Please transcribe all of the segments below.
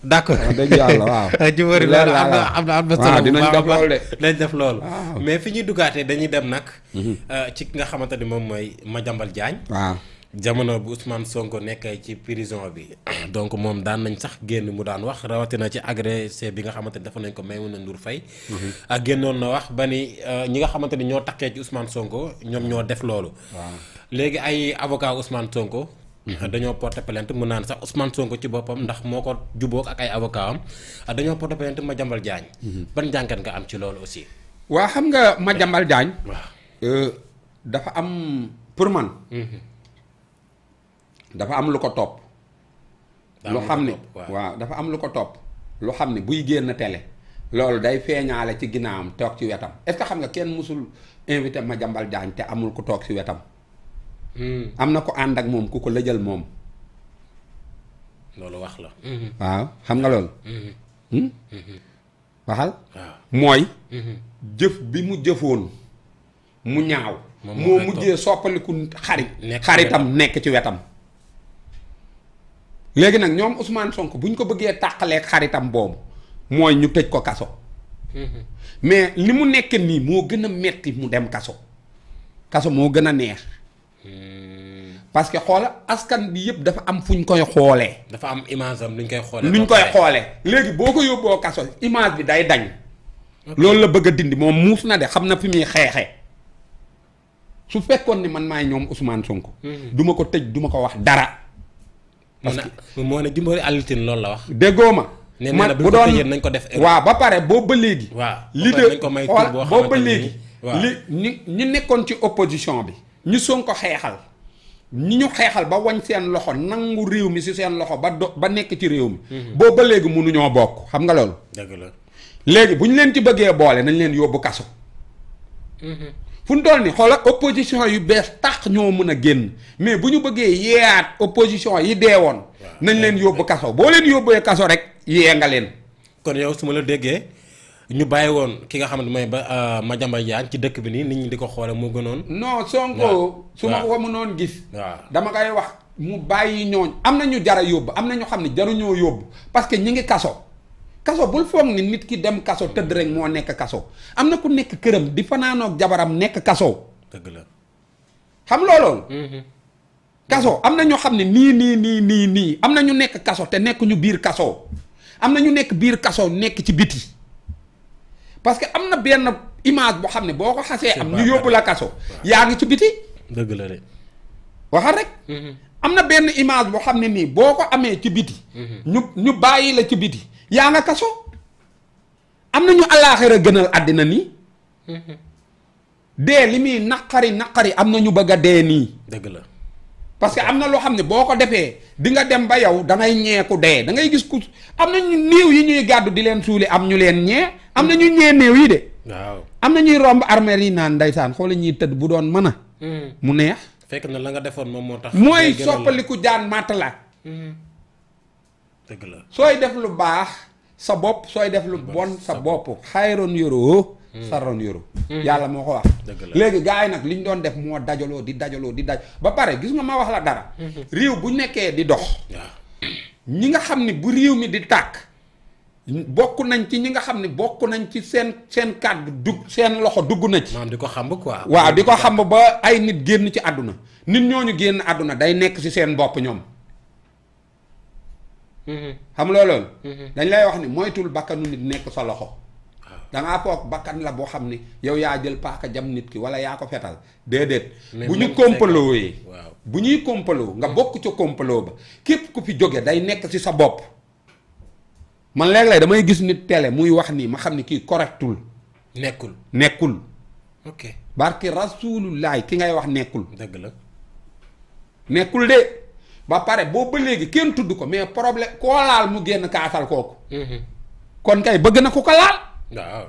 d' accord ah, dëgg yàlla waaw. ci wër loolu am na am na am na solo bu baax baax dinañ def loolu. mais fi ñuy dugaatee dañuy dem nag. Mhm. Euh, ci ki nga xamante ni moom mooy Madiambal Diagne. waaw jamono bu Ousmane Sonko nekkee ci prison bi. donc moom daan nañ sax génn mu daan wax rawatina ci agressé bi nga xamante ni dafa nañ ko Maimouna Ndour Faye. Mhm. ak ah, génnoon na wax ba ni euh, ñi nga xamante ni ñoo takkee ci Ousmane Sonko ñoom ñoo def loolu. léegi ay avocat Ousmane Sonko. dañoo porté plainte mu naan sax Ousmane Sonko ci boppam ndax moo ko jubóog ak ay avocat am ah, dañoo porté ma Madiambal Diagne mhm. ban njàngat nga am ci loolu aussi waa xam nga ma Diagne euh, dafa am pour man mhm. dafa am lu ko topp lu xam ne waaw dafa am lu ko topp lu xam ne buy génn télé loolu day feeñaale ci am toog ci wetam est-ce xam nga kenn musul invité ma jambal Diagne te amul ku toog ci wetam Hmm. am na ko ànd ak moom ku ko lëjal moom. loolu wax la. Mm-hmm. waaw xam nga loolu. Mm-hmm. Hmm? Mm-hmm. waxal. mooy. jëf bi mu jëfoon mu ñaaw. moo mujjee soppaliku xarit. xaritam nekk ci wetam. léegi nag ñoom Ousmane sonk bu ñu ko bëggee tàqaleeg xaritam boobu mooy ñu tëj ko kaso. mais li mu nekk nii moo gën a metti mu dem kaso. kaso moo gën a neex. Hmm. parce que xoola askan bi yëpp dafa am fu ñu koy xoolee. dafa am image am luñ koy xoolee. luñ koy xoolee léegi boo ko yóbboo kaso image bi day dañ. loolu la bëgg a dindi moom muus na de xam na fi muy xeexee su fekkoon ni man maay ñoom Ousmane Sonko. Hmm. duma ko tëj duma ko wax dara. parce que moo ne Jimbori Alioune Tine loolu la wax. déggoo ma. man bu doon nañ ko def. waaw ba pare boobu ba léegi. waaw ba pare nañ ko may tur boo xamante ñu nekkoon ci opposition bi. ñu Sonko xeexal ñu ñu xeexal ba wañ seen loxo nangu réew mi si seen loxo ba do ba nekk ci réew mi. Mhm. boo ba léegi mënuñoo bokk xam nga loolu. dëgg la léegi bu ñu leen ci bëggee boole nañ leen yóbbu kaso. Mhm. fu ñu toll nii xoola opposition yu bees tax ñoo mën a génn mais bu ñu bëggee at opposition yi dee woon nañ leen yóbbu kaso boo leen yóbbee kaso rek yee nga leen. kon yow su ma la déggee. ñu bàyyi woon ki nga xam ne mooy ba euh, Madiambal Diagne ci dëkk bi nii nit ñi di ko xoole moo gënoon. non Sonko su ma ko mënoon gis. waaw dama koy wax mu bàyyi ñooñ am na jara yóbbu am na ñu xam ne jaruñoo yóbbu parce que ñi ngi kaso. kaso bul foog nit ki dem kaso tëdd rek moo nekk kaso am na ku nekk këram di fanaanoog jabaram nekk kaso. dëgg la xam loolool mm-hmm. am na ñoo xam ne nii nii nii nii am na ñu nekk kaso te nekk ñu biir kaso am na ñu nekk biir kaso nekk ci biti. parce que am na benn image boo xam ne boo ko xasee am ñu yóbbu la kaso yaa ngi ci biti dëgg la de waxal rek mm-hmm. am na benn image boo xam ne nii boo ko amee ci biti mm-hmm. ñu ñu bàyyi la ci biti yaa nga kaso am na ñu alaaxira gënal àddina nii mm-hmm. dee li muy naqari naqari am na ñu bëgg a dee nii dëgg la parce que am na loo xam ne boo ko defee di nga dem ba yow da ngay ñeeku dee da ngay gis ku am na ñu néew yi ñuy gàddu di leen suuli am ñu leen ñee am na ñu ñee néew yi de. am na ñuy romb armeel yi naan ndeysaan xoola ñuy tëdd bu doon mën a. Hmm. mu neex. fekk na la nga defoon moom moo tax. mooy soppaliku jaan matalaat. Hmm. dëgg la sooy def lu baax sa bopp sooy def lu bon sa bopp xayroon yoroo. Hmm. saroon yoroo. yàlla moo ko wax. léegi gars yi nag li ñu doon def moo dajaloo di dajaloo di daj ba pare gis nga ma wax la dara. réew bu nekkee di dox. ñi nga xam ni bu réew mi di tàkk. bokk nañ ci ñi nga xam ne bokk nañ ci seen seen kàddu dugg seen loxo dugg na ci. di ko xamb quoi. waaw di ko xamb ba ay nit génn ci àdduna nit ñooñu génn àdduna day nekk ci seen bopp ñoom. Mm-hmm. xam loolu mm-hmm. dañ lay wax ni moytul bakkanu nit nekk sa loxo. dangaa foog bakkan la boo xam ni yow yaa jël paaka jam nit ki wala yaa ko fetal déedéet. bu ñu kompaloo yi bu ñuy kompaloo nga bokk ca kompaloo ba képp ku fi jóge day nekk ci sa bopp. man léeg-léeg damay gis nit télé muy wax nii ma xam ne kii correctul. nekkul nekkul. ok barki rasulullaay ki ngay wax nekkul. dëgg la. nekkul de ba pare boo léegi kenn tudd ko mais problème koo laal mu génn kaasal kooku. Mhm. kon kay bëgg na ku ko laal.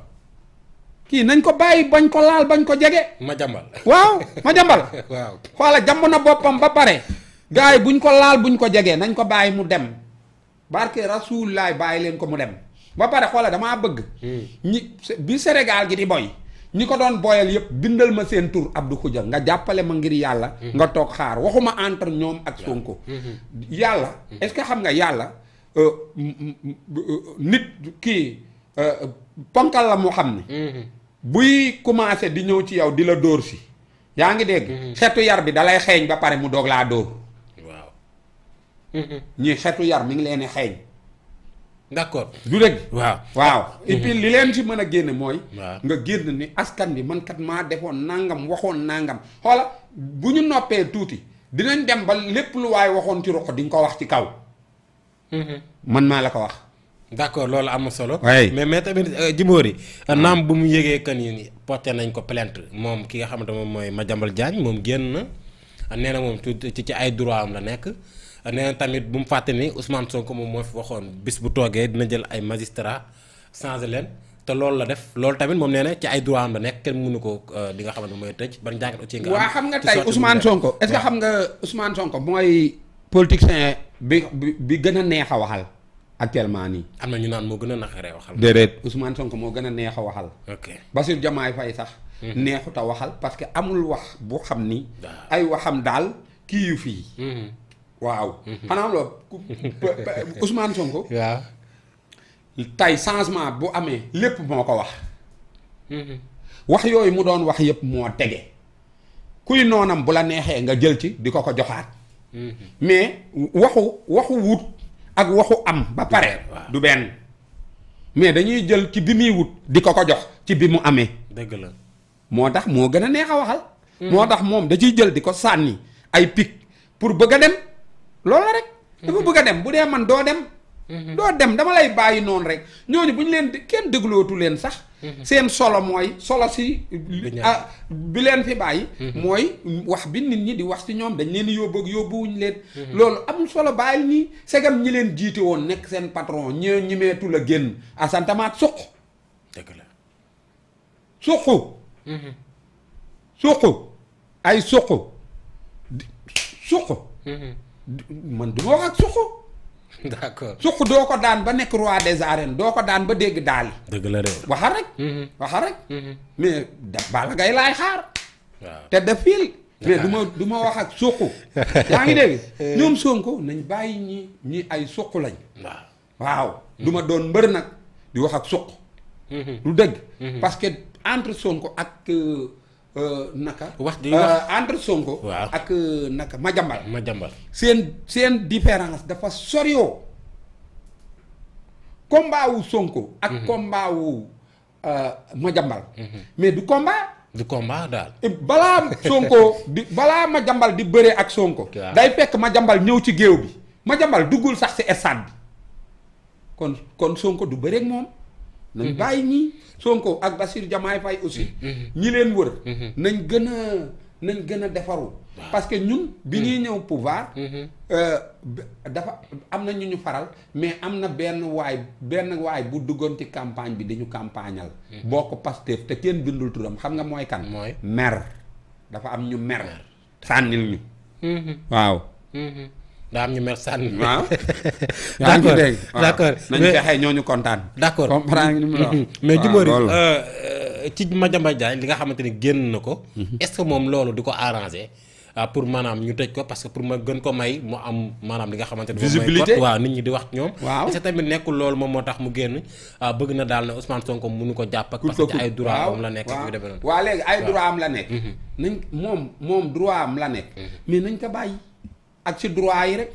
kii nañ ko bàyyi bañ ko laal bañ ko jege. ma jàmbal waaw ma jàmbal. waaw xoola jàmb na boppam ba pare. gars buñ ko laal buñ ko jege nañ ko bàyyi mu dem. barke rasulilah bàyyi leen ko mu dem ba pare xoola damaa bëgg. Hmm. ñi bi Sénégal gi di boy ñi ko doon boyal yëpp bindal ma seen tur Abdou Khoudia nga jàppale ma ngir yàlla. Hmm. nga toog xaar waxuma entre ñoom ak Sonko. Hmm. yàlla est-ce que xam nga yàlla euh, euh, nit kii euh, ponkal la mu xam ne. buy commencé di ñëw ci yow di la dóor si. yaa ngi dégg. xetu yar bi dalay xeeñ ba pare mu doog laa dóor. Mm-hmm. ñii xetu yar mi ngi leen di xeeñ. d'accord du dëgg. waaw waaw. et mm-hmm. li leen ci mën a génne mooy. nga génn ni askan bi man kat maa defoon nangam waxoon nangam xoola bu ñu noppee tuuti dinañ dem ba lépp lu waaye waxoon ci roq di nga ko wax ci kaw. Mm-hmm. man maa la ko wax. d'accord loolu am na solo. mais mais tamit euh, jiboor yi euh, naam bu mu yëgee kan yi porté nañ ko plainte moom ki nga xamante moom mooy ma Madiambal Diagne moom génn na nee na moom ci ci ay droit am la nekk. nee na tamit bu mu fàtte ni Ousmane Sonko moom moo fi waxoon bis bu toogee dina jël ay magistrat changé leen te loolu la def loolu tamit moom nee na ci ay droit am la nekk kenn mënu ko li euh, nga xamante mooy tëj ban jàngat aussi. nga am xam nga tey Ousmane Sonko est-ce que nga Ousmane Sonko mooy politicien bi bi gën a neex a waxal. actuellement nii. am na ñu naan moo gën a naqaree waxal. déedéet Ousmane Sonko moo gën a neex a waxal. ok Bassirou Diomaye Faye sax. Mhm. neexut a waxal parce que amul wax bu xam ni. ay waxam daal kii yu fii. Mhm. waaw. Mhm. xanaa loolu Ousmane Sonko. waaw. changement bu amee lépp moo ko wax. Mhm. wax yooyu mu doon wax yëpp moo tege kuy noonam bu la neexee nga jël ci di ko ko joxaat. Mhm. mais waxu waxu wut ak waxu am ba pare. du benn mais dañuy jël ci bi muy wut di ko ko jox ci bi mu amee. dëgg la moo tax moo gën a neex a waxal. moo tax moom da ciy jël di ko sànni ay picc pour bëgg a dem. loolu la rek. dafa mhm. bëgg a dem bu dee man doo dem. Mhm. doo dem dama lay bàyyi noonu rek ñooñu bu ñu leen kenn déglootu leen sax. Mhm. seen solo mooy solo si. bi ah, leen fi bàyyi. mooy wax bi nit ñi di wax si ñoom dañ leen di yóbbu yóbbuwuñ leen. loolu am solo bàyyil ñi segam ñi leen jiite woon nekk seen patron ñi ñimeetu la génn asantamaat suq. dëgg suq. suq ay suq suq. man du ma wax ak suqu. d' accord doo ko daan ba nekk roi des arènes doo ko daan ba dégg daal. dëgg la de. waxa rek. Mm-hmm. waxa rek. Mm-hmm. mais da Balla Gaye laay xaar. waaw te mais du ma du wax ak suqu. yaa ngi dégg ñoom Sonko nañ bàyyi ñi ñi ay suqu lañ. waaw waaw mm-hmm. ma doon mbër nag di wax ak suq. lu dëgg. parce que entre Sonko ak. Euh, Euh, naka. wax di wax euh, entre Sonko. waaw ak euh, naka Madiambal. Madiambal seen seen différence dafa soriwoo. combat wu Sonko. ak mhm. combat wu mhm. mais du combat. du combat daal. balaa Sonko di balaa Madiambal di bëree ak Sonko. day fekk Madiambal ñëw ci géew bi Madiambal duggul sax ci stade bi kon kon Sonko du bëree ak moom. nañ mhm. bàyyi ñii Sonko ak Bassirou Diomaye Faye aussi mhm. Mhm. ñi leen wër nañ gën a nañ gën a defaru parce que ñun bi ñuy ñëw pouvoir euh, dafa am na ñu ñu faral mais am na benn waay benn waay bu duggoon ci campagne bi dañu campagneal boo ko Pastef te kenn bindul turam xam nga mooy kan mooy mer dafa am ñu mer sànnil ñu waaw daa ñu mer sànni. waaw d' accord d' accord nañu fexe ñooñu kontaan. d' accord comprendre ni mu la wax mais Djimbori ah, euh, euh, ci Madiambal li nga xamante ni génn na ko. Mhm. est moom loolu di ko arrangé. Euh, pour maanaam ñu tëj ko parce que pour ma gën ko may mu am maanaam li nga xamante ni ne visibilité waaw nit ñi di wax ñoom waaw est-ce tamit nekkul loolu moom moo tax mu génn bëgg na daal ne Ousmane Sonko mënu ko jàpp ak parce que ay droit am la nekk yu demee waa waaw léegi ay droit am la nekk mhm. nañ moom moom droit am la ak ci droit yi rek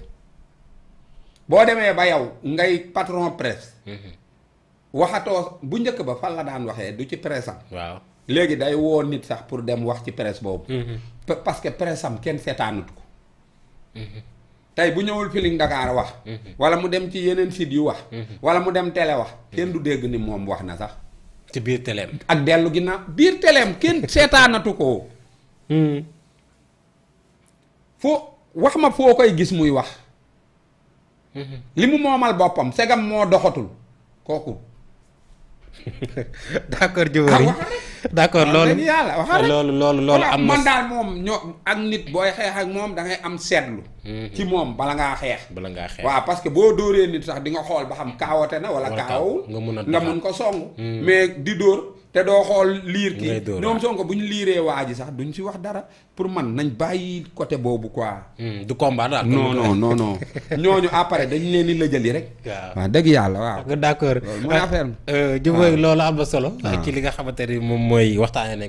boo demee ba yow ngay patron presse. Mhm. waxatoo bu njëkk ba fan la daan waxee du ci presse am. léegi day woo nit sax pour dem wax ci presse boobu. Mhm. parce que presse kenn seetaanatu ko. Mhm. tey bu ñëwul Feeling Dakar wax. wala mu dem ci yeneen site yu wax. wala mu dem télé wax. kenn du dégg ni moom wax na sax. ci biir teleem. ak dellu ginnaaw biir teleem kenn seetaanatu ko. fo. wax ma foo koy gis muy wax mm-hmm. li mu moomal boppam segam moo doxatul kooku d'accord Dioufary d' accord loolu loolu loolu loolu am na man daal moom ñoo ak ak moom da ngay am seetlu. Mhm. ci moom bala ngaa xeex. bala ngaa xeex waaw parce que boo dóoree nit sax di nga xool ba xam kaawote na wala kaawul. nga mun a nga mun ko song. Mhm. mais di dóor te doo xool liir kii ñoom Sonko bu ñu liiree waa ji sax duñ si wax dara pour man nañ bàyyi côté boobu quoi. Mhm, du combat daal. non non non non ñooñu après leen di lëjëli rek. waaw yàlla ah, euh, loolu am na solo. Ah. nga xamante ni moom mooy waxtaanee nañ